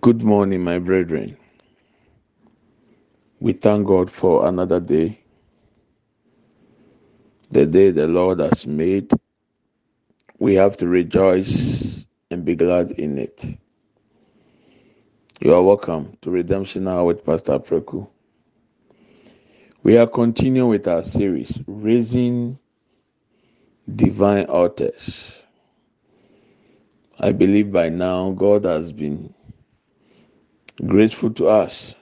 Good morning, my brethren. We thank God for another day, the day the Lord has made. We have to rejoice and be glad in it. You are welcome to Redemption Hour with Pastor Preku. We are continuing with our series, Raising Divine Altars. I believe by now God has been grateful to us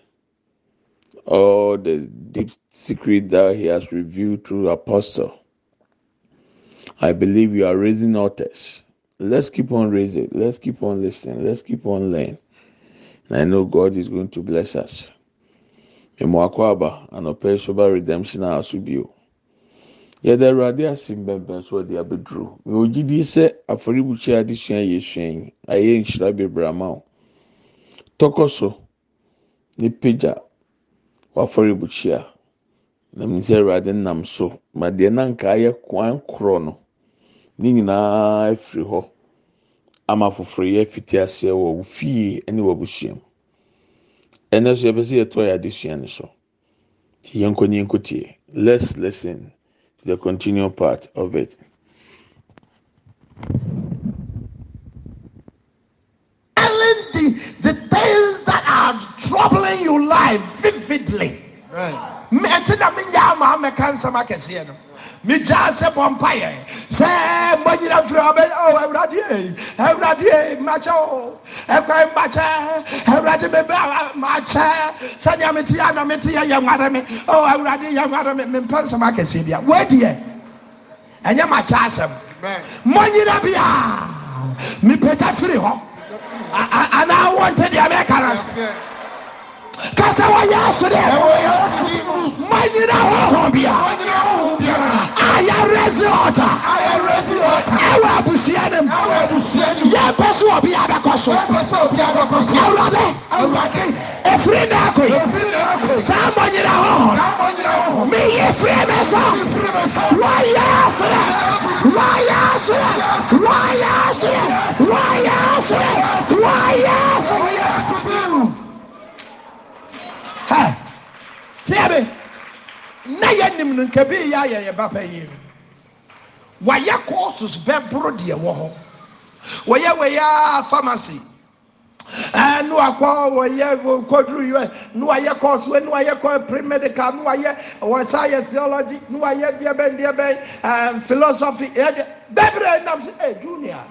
all the deep secret that he has revealed through apostle i believe you are raising altars let's keep on raising let's keep on listening let's keep on learning and i know god is going to bless us mmoakwaba anɔpɛ soba redemption a aso bio yɛde awurade ase mbɛmbɛn so ɔde abɛduru mewɔ gyidi sɛ afɔrebukyia adesua yɛ sua yi ayɛ tɔkɔ so apagya w'afɔrebukyia na sɛ Awurade nam so ma deɛ nanka ayɛ kwan korɔ no ne nyinaa afiri hɔ ama foforɔ yɛ fiti aseɛ wɔ wo fie ne wɔ abusua mu ɛnɛ so yɛpɛ sɛ yɛtɔ yɛ adesua no so nti yɛnkɔ ne yɛnkɔ tie let's listen to the continual part of it. Challenging life vividly. ɛti na menya ama amɛka nsɛm akɛseɛ no megyaa sɛ bɔ mpaeɛ sɛ mmɔnyina firi ɔbɛ awurade oh, awurade mmakyɛ o oh. ɛkwan mmakyɛ awurade mebɛ makyɛ sɛnea ana meteɛ yɛ nware me o awurade yɛ me mempɛ nsɛm akɛseɛ bia woadiɛ ɛnyɛ makyɛ asɛm mmɔnyina bia mepɛgya and I wanted the deɛ kasɛwayasɛ mayiraɔɔ bia ya rɛzitaɛw bsɛnem yaɛsɛɔbiabɛɔs frink sa mayiaɔeye fre s tie na yɛ nim no nka bi yɛ ayɛ yɛ ba panyin no wɔayɛ courses bɛboro deɛ wɔ hɔ wɔyɛ wɔyɛ pharmacy ɛɛ no akɔ wɔyɛ kɔduru yɛ no wɔyɛ course wɛ no wɔyɛ kɔ pre-medical no wɔsa yɛ theology no wɔyɛ deɛ bɛn ɛɛ philosophy ɛɛ deɛ bɛbere sɛ ɛɛ junior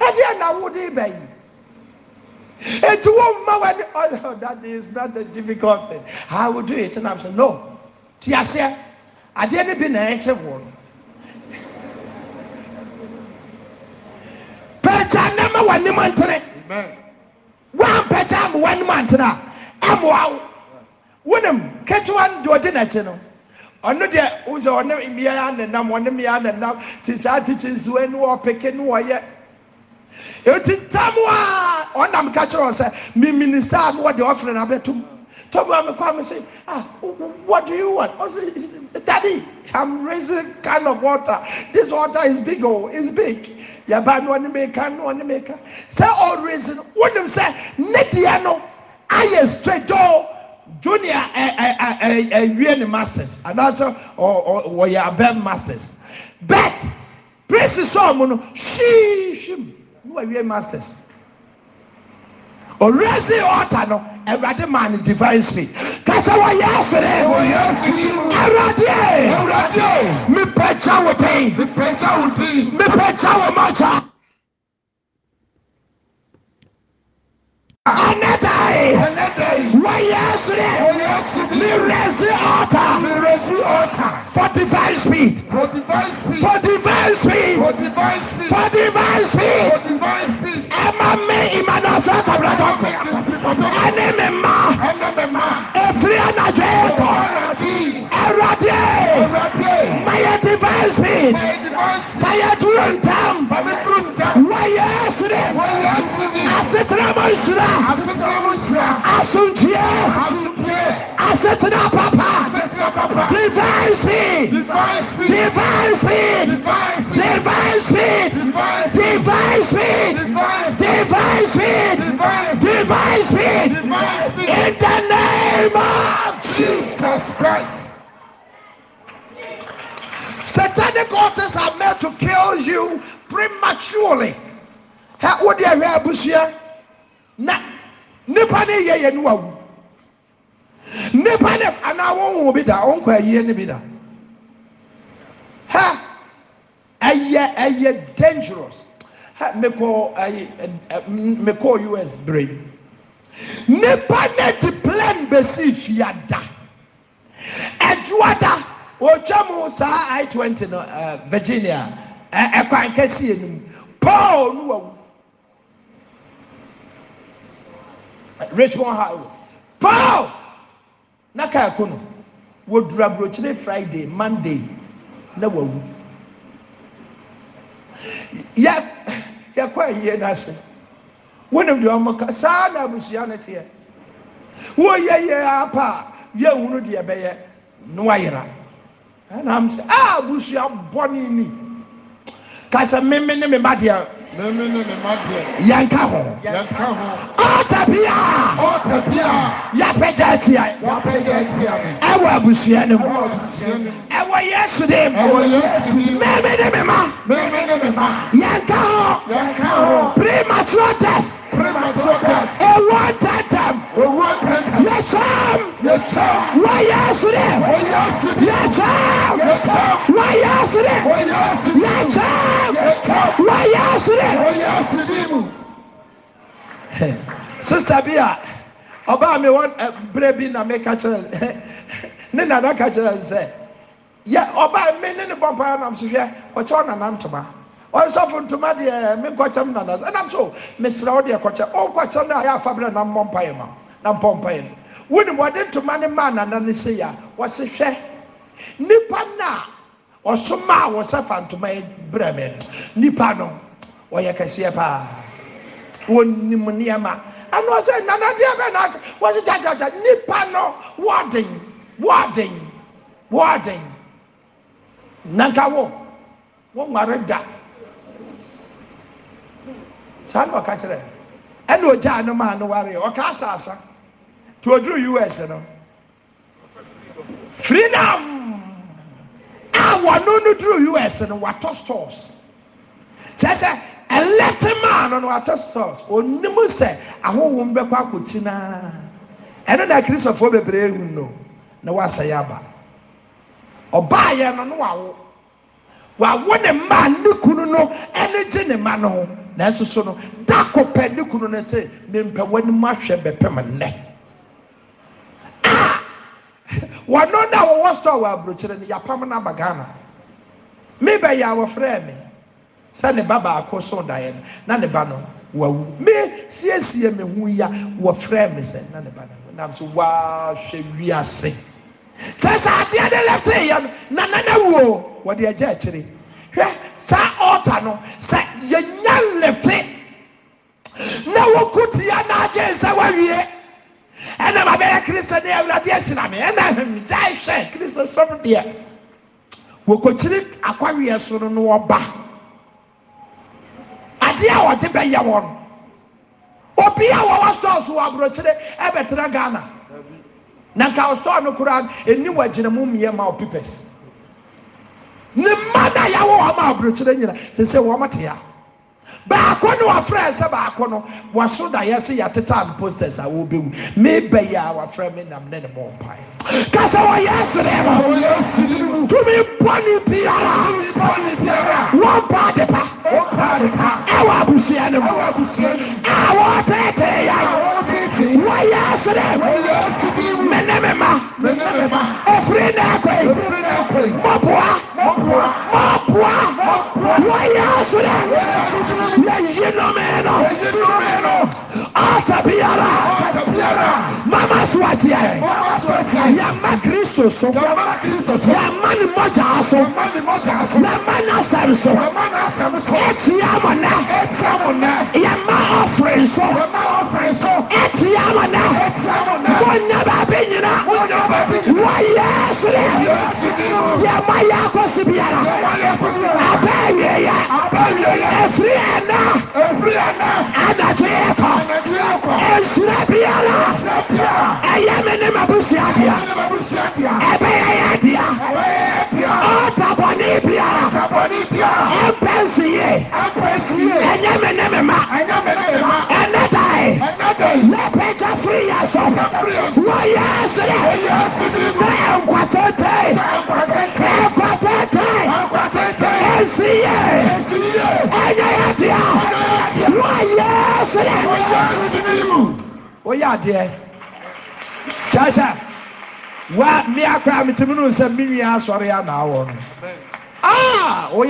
ɛdeɛ na wudi bɛyi. It won't matter. Oh, that is not a difficult thing. I will do it. And I'm saying, no. Tiasia, I didn't be an nature one. Pecha nema wani Amen. One one am now. i Am wow. When Wunem, ketuan duwadi na cheno. ɔno deɛ wosɛ ɔne mmea nenam ɔne mmea nenam te saa tikyi nsuwa ne wɔpeke ne wɔyɛ eti tam a ɔnam ka kyerɛ ɔsɛ mimini saa no wɔde ɔfiri na abɛtum tom a mekɔ me say ah what do you want I say daddy i'm raising kind of water this water is big oh it's big yaba no one meka no ɔne meka sɛ ɔraise raising. wonim sɛ ne deɛ no ayɛ straight door junior eh, eh, eh, a ne masters or anaasɛ wɔyɛ abɛn masters but praise sɔɔ mu she hwiihwim. ne wawie masters ɔwurasi ɔta no ɛwurade maa ne divine speed kasa wɔyɛ asere ɛwurade mipɛkya wotin mipɛkya wotin mipɛkya wɔmɔkya. anedayɛs me resi ɔtadv sped ɛmame imanasɛ kanemema efrianajɔ erɔdɛ mayɛ div spe fa yɛ dun tam ɛyɛsere asetena mo nhyira asomdue asetena papa divine speed divine speed divine speed divine speed divine speed divine speed in the name of Jesus Christ. Satanic altars are meant to kill you prematurely ha wode ahwɛ abusua na nipa ne yɛ yɛ niwa wu nipa ne anaa wɔnwo bi da wɔnkɔ ayie ne bi da ha ɛyɛ ɛyɛ dangerous ha mekɔ ayi mekɔ us brain. nipa ne ti plan besi fia da ɛdua da mu saa i twenty no eh, virginia ɛɛ ɛkwan kɛseɛ paul no rahao pow na kaako no wɔdura brokyere friday monday na wawu yɛkɔayi no ase wonemdeɛ ɔmka saa na abusua no teɛ woɔyɛ yea pa a yɛ nwunu deɛ bɛyɛ ne wayera nam sɛ a ah, busua bɔne ni ka sɛ meme ne me madeɛ yɛka hiayapɛa a ɛwɔ abusuanem ɛwɔyɛ sudemmemene memaɛpra sista bia ɔbaa mewɔ eh, berɛ bi na me kakyerɛl ne nana kakyerɛs sɛ yɛ ɔba me ne ne bɔmparɛnamsohwɛ kɔkyɛwɔnanam toma ɔsɔfo ntoma deɛ me nkɔkyɛm oh, eh? nana ɛnam so mesrɛ wo deɛ kɔkyɛ ɔnkɔkyɛm no a yɛ afa berɛ na mmɔ mpaeɛ ma na mpɔ mpaeɛ no wonim wɔde ntoma no maa nana no se yɛ a wɔse hwɛ nnipa no a ɔso maa wɔ sɛ fa ntoma yɛ berɛ me no nnipa no ɔyɛ kɛseɛ paa wɔnim nneɛma ɛno sɛ nana deɛ bɛ na wɔse gyagyagya nnipa no wɔden wɔden wɔden nanka wo wɔnware da saa na ɔka kyerɛ ɛna ogya anum a anoware ɔka asaasa to oduru us no freedom a wɔno no duru us no watɔ stores kyerɛ sɛ ɛlɛte maa no no watɔ stores onim sɛ ahohom bɛkɔ akɔkyi naa ɛno na akirisofoɔ bebree hu no na wasɛ yɛ aba ɔbaa yɛ no no wawo wawo ne mmaa ne kunu no ɛne gye ne mma no ho. nanso so no da kɔpɛ ne kunu no sɛ mempɛ w'anim ahwɛ bɛpɛm nnɛ ah! wɔno na wɔwɔ store wɔ aburokyerɛ no yɛapam no aba ghana mebɛyɛ a wɔfrɛɛ me sɛ ne ba baako so daeɛ no na ne ba no wawu me siesie me ho ya wɔfrɛɛ me sɛ na ne ba no nam so wahwɛ wiase kyerɛ sɛ adeɛ ne lɛfte yɛ no na nana wuo wɔde agya akyire hwɛ a alte no sɛ yɛnya nlefe na wɔku tiɛ naagyen sɛ woawie ɛnama bɛyɛ kriston ne yawurade asiname ɛna hemgyɛe hwɛ kristo sɛm deɛ wɔkɔkyiri akwaweɛ so no no ɔba adeɛ a wɔde bɛyɛ wɔn obi a wɔwɔ star so wɔ aborɔkyerɛ bɛtera ghana na nkaɔstal no koraa n ɛni wagyinamu mmiɛma ɔpipɛ s yɛ womaa berɛkyerɛ nyina sɛise wɔmɔtea baako ne wɔfrɛ sɛ baako no waso da yɛ se yɛtetan postars a wɔbɛ mu me bɛyɛ a wafrɛ me nam nenemɔmpae ka sɛ ɔyɛ serem tumi bɔne biara wɔmpade pawɔabuua ne muwɔtɛtɛaɛ ee fe nboa ɔyɛ so ɛɛyinom notabiara mama soaeɛ yɛma kristo oyɛma ne mɔya oɛma nasɛm soɛtɛ ɔ ɛma ɔfrin so wa yɛɛ sore yɛ maya kose biara abɛyeyɛ efiriɛna anacoyɛ ka ɛsura biara ɛyɛ mene ma busua dea ɛ bɛyɛyɛ dea otabɔne bia ɛmpɛnsiye ɛ nyɛ mene me ma woyɛdeɛ kyɛsɛ wa mea kora metimi nomu sɛ menia asɔre anaa wɔ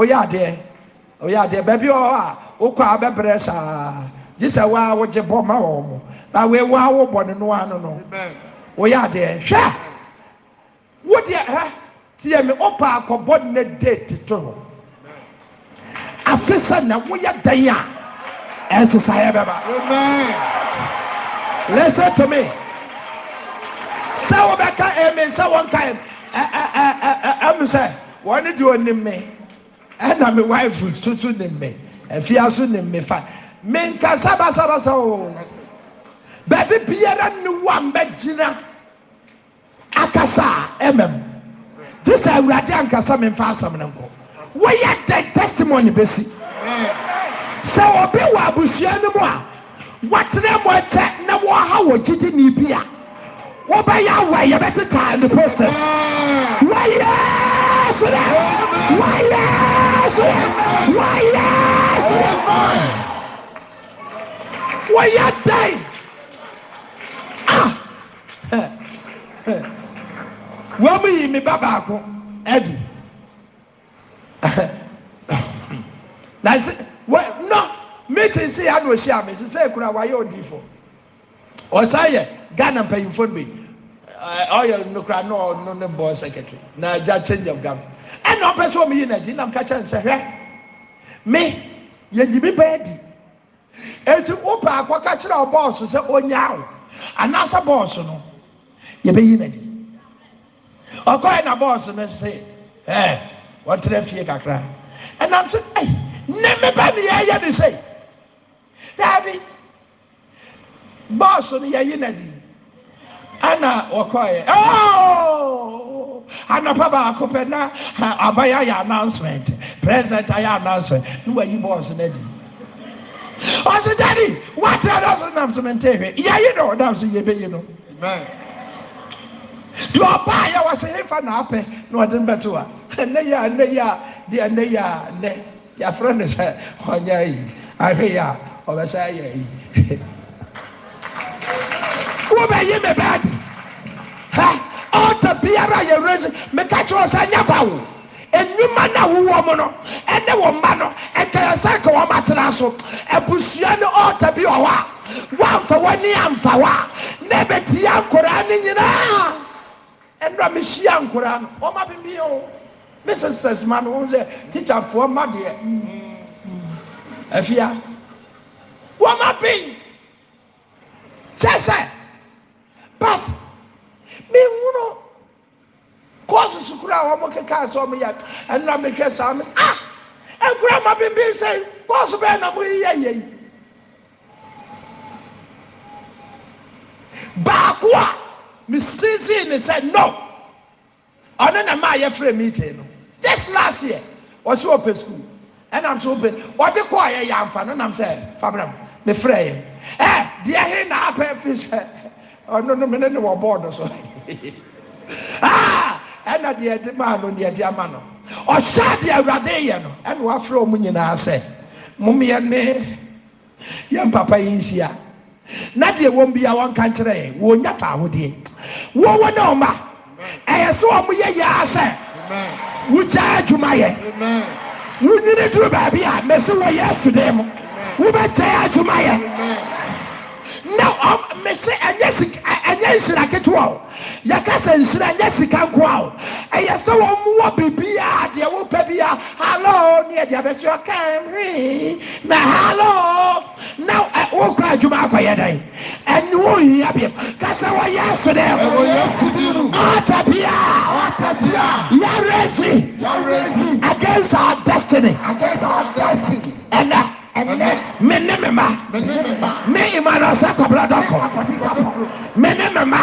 noɛdɛɛ baabi ɔɔ a wokɔaa bɛbrɛ saa gyesa wo a wogye bɔ ma wɔ mo na wei wo a wobɔ ne no ano no woyɛ adeɛ hwɛ wo deɛ hɛ tiɛ me ɔpa akɔbɔ ne date to ho afe sɛ na woyɛ dan a ɛnsesa yɛ bɛba listen to me sɛ wobɛka ɛmi sɛ wɔnka ɛm sɛ wɔne deɛ ɔnim me ɛna me wife soso nim me afia so nim me fa menkasa basabasa wo bɛbi biara no wambɛ gyina akasa a ɛmam tye sɛ awurade ankasa memfa asɛm ne nkɔ wɔyɛ dɛ testimony besi sɛ ɔbe wɔ abusua no m a wɔtera mɔ ɛkyɛ na wɔhaw wɔ gyedinnibi a wobɛyɛ awɔ yɛbɛtetaa nde postes wɔyɛ dan wamo yi me ba baako adi nansnɔ metin sɛ yɛ a no ɔhyi a me se sɛe kuro a wɔayɛ ɔdifo ɔ sane yɛ gha na mpayimfo no bɛ ɔyɛ nokora ne ɔno ne mbɔɔ secretary na ja change of goverment ɛnna ɔmpɛ sɛ ɔmeyii no adi nam kakyɛ nsɛhwɛ me yɛnyime pa adi eti wo baako ka kyerɛ bɔɔso sɛ onya awo anaasɛ bɔɔso no yɛbɛyi n'adi ɔkɔɛ na bɔɔso no se ɛɛ wɔtena fie kakra ɛnam so ɛyi ne meba ne yɛyɛ ne se daabi bɔɔso no yɛyi n'adi ɛna wɔkɔɛ ɛɛɛ anapa baako pɛ na abayɛ ayɛ announcement president ayɛ announcement ne wɔyi bɔɔso n'adi. ɔso dadi woatra deɔsonam so mente hwɛ yɛye dɛ wodam so yɛbɛyi noma du ɔbaa yɛwɔ se hefa naapɛ na ɔdem bɛto a ɛnɛyia nɛyi a de nɛyi a nɛ yɛfrɛ ne sɛ ɔnyɛ yi ahwɛye a ɔbɛsɛ yɛyi wobɛyi me baaɛde ɔnta biara a yɛwera si meka kye ɔ sɛ nyɛ ba wo enwuma na awuwɔ mu no ɛne wɔn mma no ɛkɛyɛ sɛ ka wɔn atena so abusua ne ɔɔta bi wɔ hɔ a wɔamfa wɔn ani amfa hɔ a na ɛbɛtia nkoraa ne nyinaa ɛnura mi hyia nkoraa no wɔn abimbi yɛ o mrs sesma no wɔn sɛ tikyafoɔ mma deɛ ɛfia wɔn abin kyɛ sɛ but mi nwunu. Cause kɔɔso sukuru a wɔn keka sɛ wɔn yɛ ɛnura mi hwɛ saa mi ah And ma bimbim sɛ kɔɔso bɛyɛ na mo yiyɛ yɛ yi baako a mi sinsin ne sɛ no not na mmaa friend meeting no just last year wɔsi wɔ pɛ school I'm so pɛ wɔde kɔɔ yɛ yɛ anfa no nam sɛ fabram mi frɛ yɛ ɛ deɛ he na apɛ fi sɛ ɔno no no, mi ne ne wɔ bɔɔdo so. ɛna deɛ ɛde maa no deɛ ɛde ama no ɔhyɛ adi awurade yɛ no ɛna wafura wɔn nyinaa sɛ mummiɛ ne yɛn papa yi nhyia na deɛ wɔn bia wɔn ka nkyerɛ yɛn wɔn nya fa ahodeɛ wɔn wɔn ne ɔma ɛyɛ sɛ wɔn yɛ yaa sɛ wogya adwuma yɛ wonyini duru baabi a mɛsi wɔ yɛ asudɛm wobɛgya adwuma yɛ. nmese ɛnyɛ nsina aketewawo yɛka sɛ nsina ɛnyɛ sika nkoa wo ɛyɛ sɛ wo muwɔ birbia deɛ wopɛ bia halo neɛde abɛso ɔkamri na halo na wo kora adwuma akɔyɛnɛ ɛnɛ woia bi ka sɛ wɔyɛ senɛ atabia yaerɛsi against our destiny ɛna menne mema me imanɔsɛ kɔbrɔ dɔkɔ menne mema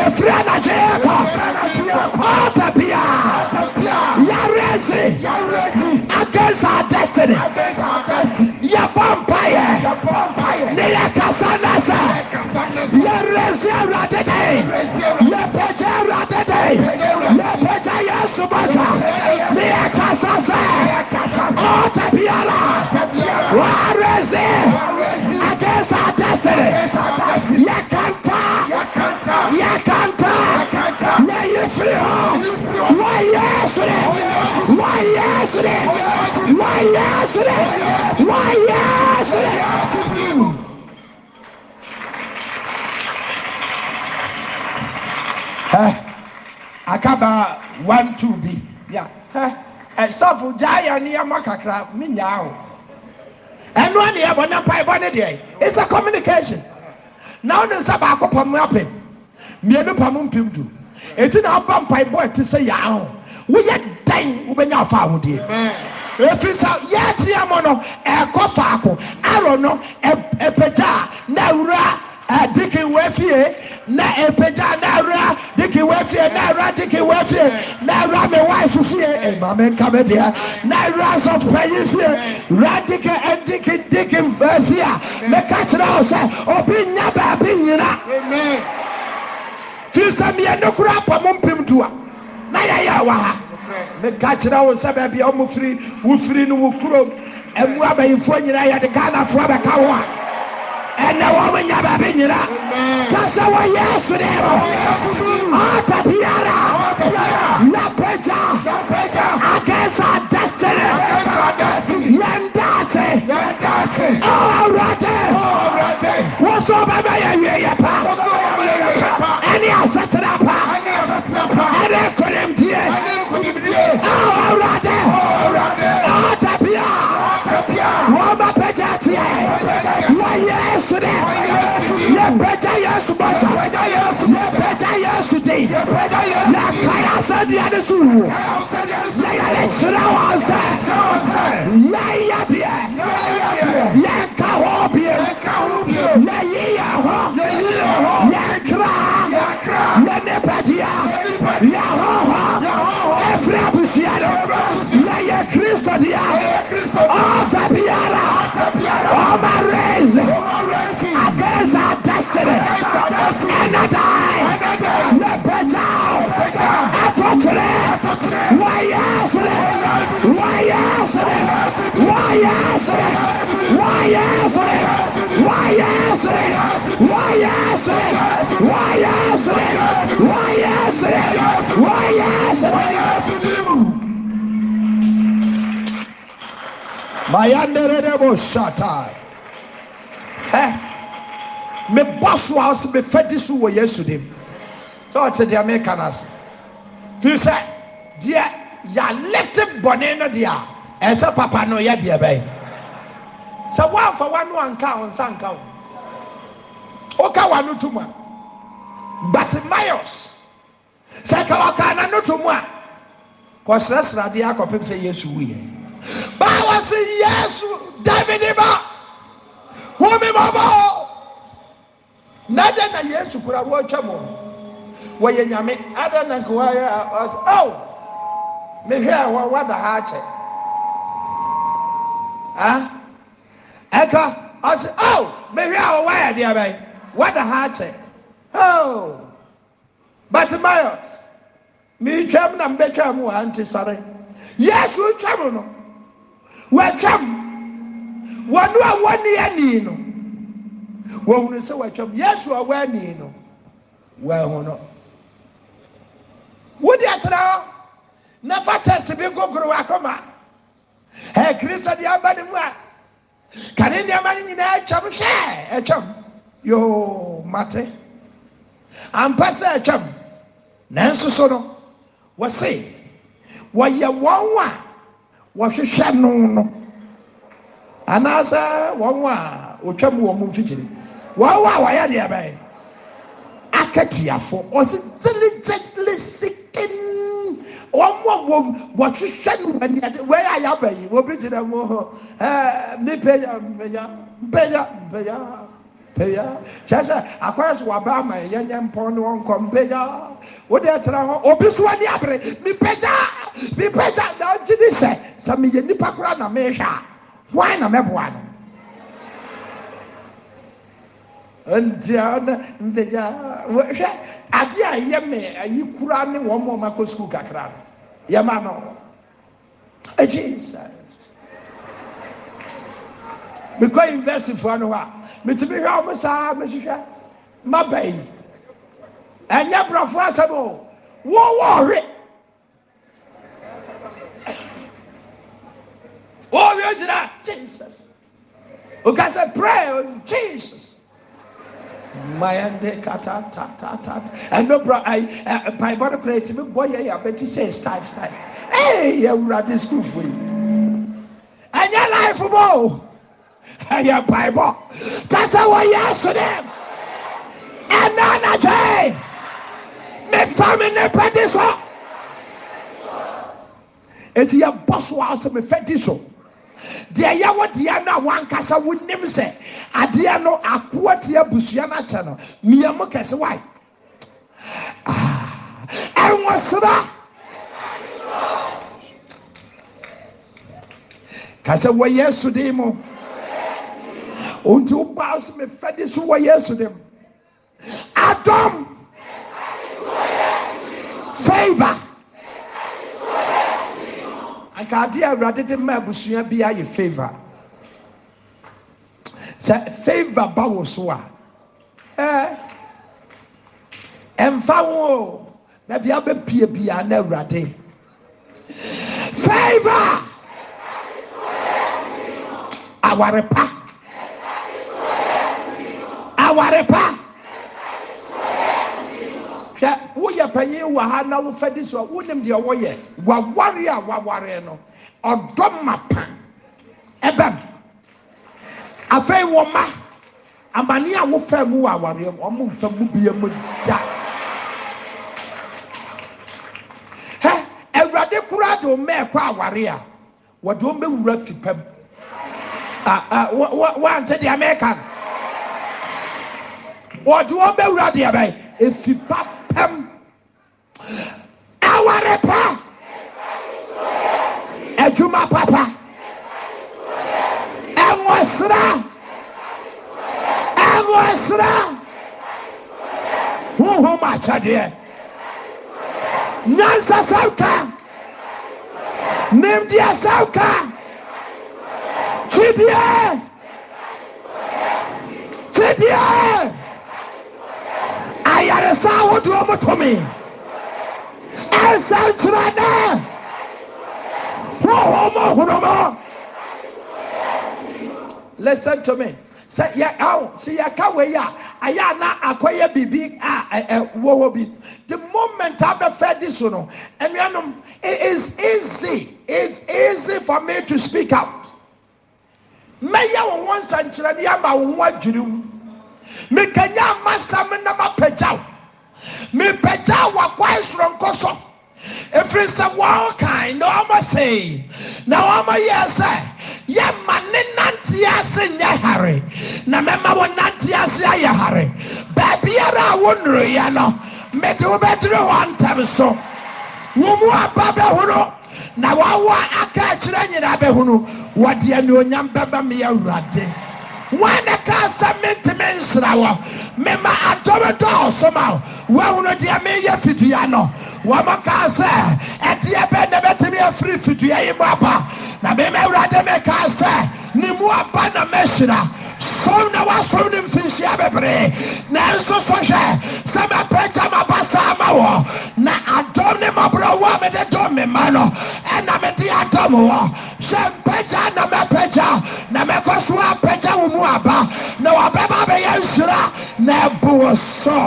ifiria najyeyɛ kɔotabiya ya resi agɛsaa dɛstini yɛ bɔmpa yɛ ne yɛ kasanɛsɛ yɛ reziɛwradedɛwdd gya yɛ ne ɛma kakra menyaa ho ɛnoaneɛbɔ na mpaibɔ ne deɛ ɛ sɛ communication na wode sɛ baakɔ pa m apem mie no pa mu mpim du ɛti na woba mpai bɔ ɛte sɛ yɛaho woyɛ dɛn wobɛnya ɔfa hodeɛ ɛfri sa yɛteɛ mɔ no ɛkɔ faako arɔ no pagya a na awura adikewafie na ɛpagyaa naawuraa eemaenka mɛdeɛ na wura spɛeie wura dike andikedikem e fɛfi a meka kyerɛ o sɛ obi nya baabi nyina firi sɛ miɛ ne korɔ apɔ mompim dua na yɛyɛ wa ha meka kyerɛ wo sɛ bɛbia o mfwofiri no wo koro mua bayimfoɔ nyina yɛdeganafoɔ bɛka ho a ɛnɛ wɔ mo nya baabe nyina kasɛ wɔyɛ sodɛɛmɔtabiara nabɛya agɛ sa dɛstini yɛndaate awuradɛ wosoɔbɛmɔ yɛ wiɛyɛ pa ɛne asetena pa ɛne konemdiewuradɛtabia ɔmabɛja ɛɛɛta yɛsuaata yɛsudɩɩ a kayasdɩyanɛ su a yale sirawaɛ layaɩyɛ ykahoy yɩyɔykra nepatɩya ɛfrbsiyɛ la yɛ kristo tɩya Overraise, raise against our destiny. why Nebejao, why Wayasre, why Wayasre, why Wayasre, why Wayasre, why Wayasre, mayanderebo shata ɛ me bɔ so a ɔsi me fɛ di so wɔ yesu de mu sɛ ɔte deɛ me ka na se fi sɛ deɛ yà lifti bɔnne no deɛ ɛsɛ papa no yɛ deɛ bɛyɛ sɛ wɔafa wano anka o nsa nka o ɔka wano to mu a batimayos sɛ ka ɔka na no to mu a kɔsrɛsrɛ adeɛ akɔpem yesu wu báwo sì yéésù dávidi bá wúmi mabo bọ́ ọ́ n'adé na yéésù kura wọ́ọ̀twẹ́ mọ́ wɔyɛ nyame adé na nkè wáyé a ɔsɛ ɔw mehwɛ a wɔ wada ha akyɛ ah ɛka ɔsɛ ɔw mehwɛ a wɔ wáyé deɛ bɛyɛ wada ha oh but batimayɔs mi twɛm na mbɛtwɛm wɔ ha nti sɔre yéésù no. wɔatwam w'ano a wɔnni ani no wɔhunu sɛ watwam yesu a wɔani no wɔanhu no wode atena hɔ na fa tɛste bi gogorow akoma ɛ krista de amba ne mu a ka ne nnoɔmaa ne nyinaa akyɛm hwɛɛ ɛtwam yoo mate ampɛ sɛ atwam nanso so no wɔ se wɔyɛ wɔn a wɔhwehwɛ no no anaasɛ wɔn a wɔtwa mu wɔn mfikyiri wɔn a wɔyɛ deɛ bɛyɛ akatiafo ɔsi diligently seeking wɔn a wɔ wɔhwehwɛ no wɔn ani ade wɔn a yɛ abɛyi wɔn bi gyina mu hɔ ɛɛ ne mpenya mpenya mpenya mpenya. kyɛ sɛ akwaɛ so woabrɛ mayɛnyɛ mpɔ ne ɔnkɔ mpgya wode tra hɔ obi soa ne aberɛ mpampɛga nantyine sɛ sɛ meyɛ nnipa kora na mehwɛ a wa na mɛboa no nan gahwɛ ade a yɛ mɛ yikora ne ɔmɔmakɔ sukuu kakra no yɛmanɔh s mekɔ inverstifoɔ no hɔ a metumi hwɛ ɔmo saa mehwehwɛ mmaba yi ɛnyɛ borɔfo asɛm o wɔwɔ ɔhwe wɔwɔ gyina jesus okasa pray jesus ta ta. tata tata ɛno bra ayi ɛ paibɔ no kura etimi bɔ yɛ yɛ abɛti sɛ style style ɛyɛ ewurade sukuufo yi ɛnyɛ laifu bɔ o. ɛyɛ bible ka sɛ wɔyɛ sode ɛna nadwoe mefa me ne pɛdi so ɛnti yɛbɔ soawo sɛ mefa di so deɛ ɛyɛwɔ deɛ no a wɔankasa wonim sɛ adeɛ no akoɔ ti abusua noakyɛ no miamɔ kɛse wae ɛwosra ka sɛ wɔyɛ sode m nti woba so mefa de so wɔ yesu dem adɔm favor anka adeɛ awurade de ma abusua bi ayɛ favor sɛ favor ba wo so a ɛɛ ɛmfa wo na bia bɛpie bia na awurade favor aware pa aware pa hwɛ woyɛ panyin wɔ ha na wofa di so a wonim deɛ wɔyɛ waware a waware no ɔdɔ ma pan ɛbɛm afei wɔ ma amane a wofa mu wɔ aware mu ɔmo nfa mu bia mu da hɛ awurade koraa de ɔmo ɛkɔ aware a wɔde ɔmo ewura fi pɛm a a wɔ wɔ ante deɛ mɛka no. ɔde wɔ bɛwura deɛ bɛ efi pa pɛm ɛwɔrɛ pa adwuma papa ɛwɔsera ɛwɔsera hunhum akyɛdeɛ nyansasɛmka nemdeɛsɛmka kyideɛ kyideɛ ɛsa ahodoɔ mu tumi ɛnsa nkyerɛ dɛ hohom ahoromɔ listen to me sɛ yɛ aw sɛ yɛ ka wei a ayɛ a na akɔyɛ biribi a ɛɛ wɔ bi the moment abɛfɛ di so no ɛnuanom it is easy it is easy for me to speak out mɛyɛ wɔn wɔn nsɛnkyerɛni ama wɔn adwiri mu mekanya amasam na mapagyaw. mepagya wakwan soronko so ɛfiri sɛ wɔɔkan na ɔmɔ sei na ɔmɔ yɛ sɛ yɛma ne nante ase nyɛ hare na mɛma wo nante ase ayɛ hare baabiara a wo nnuruyɛ no mede wobɛduru hɔ ntɛm so wo mu aba bɛhono na wɔawo aka akyerɛ nyinaa bɛhono wɔde anuonyam bɛba meyɛ awurade wɔ ne ka sɛ mente me nsera wɔ mema adɔme dɔɔ somaw wɔ wuno deɛ menyɛ fidua no wɔmɔ kaa sɛ ɛdeɛ bɛn nɛ mɛteme afiri fidua yi mɔ aba na memawurade mekaa sɛ ni mu aba na mahyira som na wɔsom ne mfinsia beberee na nsoso hwɛ sɛ mɛpɛkya mabasaama wɔ na adɔm ne mɔborɔ wɔa mede dɔ mema nɔ ɛna mede adɔm wɔ hwɛ mpɛgya na mɛpɛgya na mɛkɔsoa pɛgya wɔ mu aba na wɔbɛba a bɛyɛ nsira na ɛboo so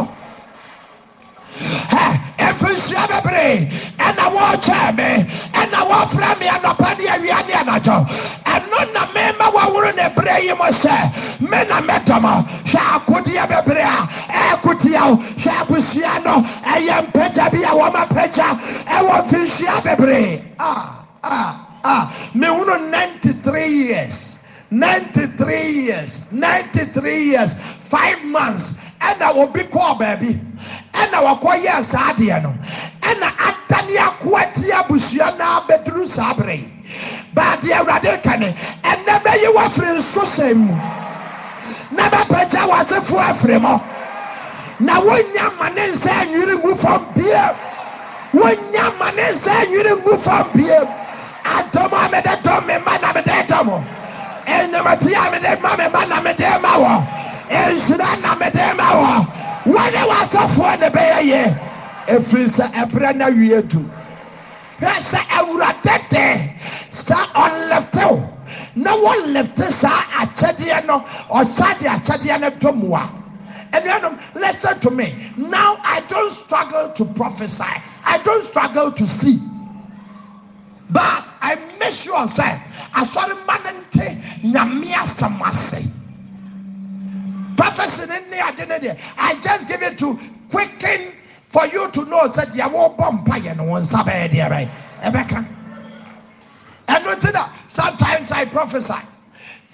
ɛ mfinsia beberee ɛna wɔ kyɛɛ me ɛna wɔ frɛ me anɔpanea wia ne anakyɔ ɛnona wono ne berɛ yi mɔ sɛ me na mɛdɔmɔ hwɛ akodeɛ bebre a ɛɛkotiɛwo hwɛ abosua no ɛyɛmpɛgya bi awɔmapagya ɛwɔ finsua bebree ah, ah, ah. me wono ninetetre years ninetytre years ninety tre years five months ɛna obi kɔɔ baabi ɛna wakɔyɛ saa adeɛ no ɛna adane akoa ti abusua naa bɛduru saa bere yi baadeɛ awurade ka ne bɛyi wafiri nsosɛn mu na bɛpɛgya wasefoɔ afiri mɔ na wonya ma ne nsa nwiri ngu fam bie wonya ma ne nsa nwiri ngu fam bie adɔm a mede dɔm me mma na mede dɔm ɛnyamati a ma me na mede ma wɔ. nhyira na mede ma wɔ wɔne w'asɔfoɔ ne bɛyɛ yɛ ɛfiri sɛ ɛberɛ na wie du hwɛ sɛ awurade de sɛ ɔlɛftew na wɔlɛfte saa akyɛdeɛ no ɔsa de akyɛdeɛ no dɔ mmoa And then, listen to me. Now I don't struggle to prophesy. I don't struggle to see. But I make sure I say, I saw the man nyamia I just give it to quicken for you to know that you won't bump by anyone. Sabbath, right? And you that? sometimes I prophesy.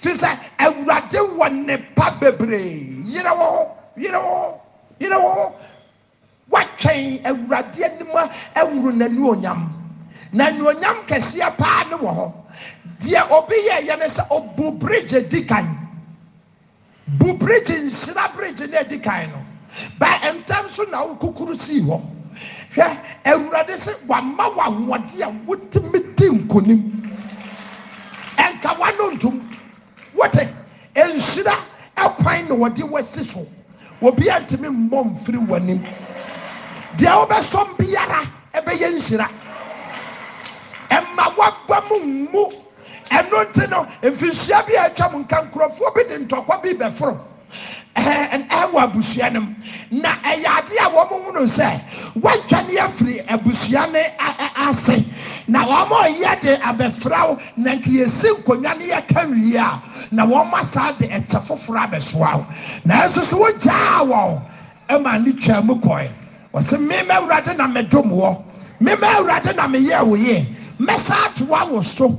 She said, and I do one pabebre. You know, you know, you know. What train a radianima and run a nuanyam? Nanuanyam can see a pan of war. Dear Obey, Yanis, Obu Bridge, a bu bridge nhyira bridge na edi kan no ba ntam so na nkukuru sii hɔ hwɛ awurade sɛ wama wawɔde a wotumi di nkonim nkawa no ntum wote nhyira ɛkwan na wɔde wɔsi so obiara ntumi mmɔ mfiri wɔnim deɛ wɔbɛsɔm biara ɛbɛyɛ nhyira mma wabɔ mu ngu ɛno nti no mfinhyia bi a atwam nka nkurɔfoɔ bi de ntɔkwa bi bɛforo ɛwɔ abusua no mu na ɛyɛ ade a wɔn hunu sɛ wɔatwane afiri abusua no ase na wɔn yɛ de abɛfraw na nkiyesi nkonnwa no yɛ kanwie a na wɔn asa de ɛkyɛ foforɔ abɛsoa na nso so wɔgyaa wɔn ɛma ne twɛn mu kɔɛ wɔsi mmɛmɛ awurade na mɛdom wɔ mmɛmɛ awurade na mɛyɛ wɔ yie mɛsa atoa wɔ so.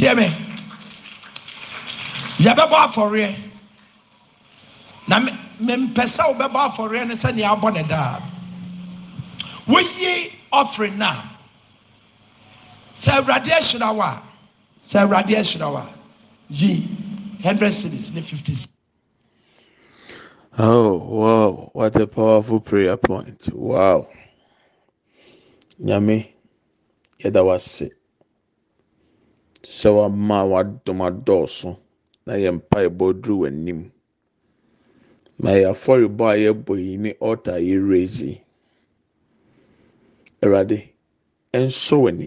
ntiɛ me da bɛbɔ afɔreɛ na mempɛ sɛ wobɛbɔ afɔreɛ ne sɛneɛ abɔ ne daa ye offering now? Say radiation, hour. wa radiation hour. ahyira wa hundred cities in the fifties. Oh, wow, what a powerful prayer point. Wow. Nyame, yɛda wase. Sɛ wama wadom adɔɔso na yɛ mpaebɔ duru w'anim. Ma yɛ afɔrebɔ a yɛbɔ yi ne ɔta yɛ rezi awurade nsɔ w'ani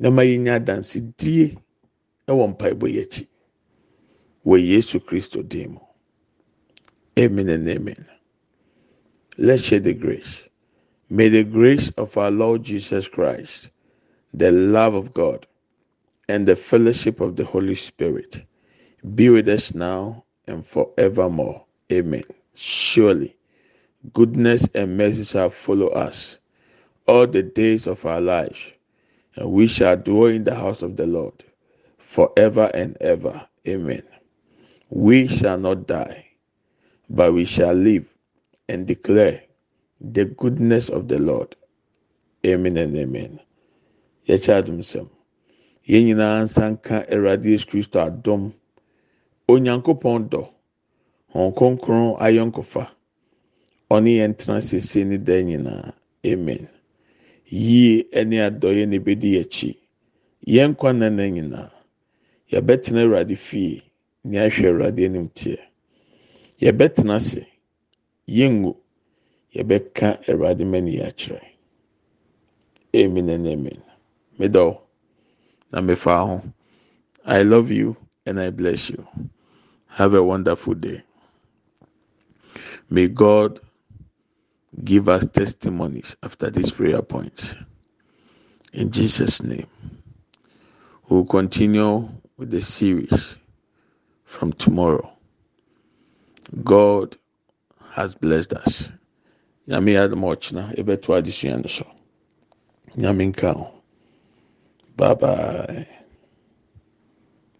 na ma yɛnya adansidie wɔ mpaebɔ yɛ akyi wɔ yesu kristo dim amen and amen let's share the grace may the grace of our lord jesus christ the love of god and the fellowship of the holy spirit be with us now and forevermore amen surely goodness and mercy shall follow us all the days of our life, and we shall dwell in the house of the Lord forever and ever. Amen. We shall not die, but we shall live and declare the goodness of the Lord. Amen and amen. Yɛkyɛ adum Yenina Yɛn nyinaa nsa nka Awurade Yesu Kristo adom. Onyankopɔn dɔ. Wɔn kronkron ayɔnkofa. Ɔne yɛn tena sese ne dan nyinaa. Amen yie ɛne adɔyɛ na ebedi akyi yɛn kwan na na nyinaa yɛbɛtena awurade fie na ahwɛ awurade anim teɛ yɛbɛtena ase yɛngu yɛbɛka awurade mɛni akyerɛ amen and amen na mefa ho i love you and i bless you have a wonderful day may god give us testimonies after this prayer point. In Jesus' name, we'll continue with the series from tomorrow. God has blessed us. Nyame yɛ adumɔkye na ebɛto adesua no so. Nyame nka ho. Bye bye.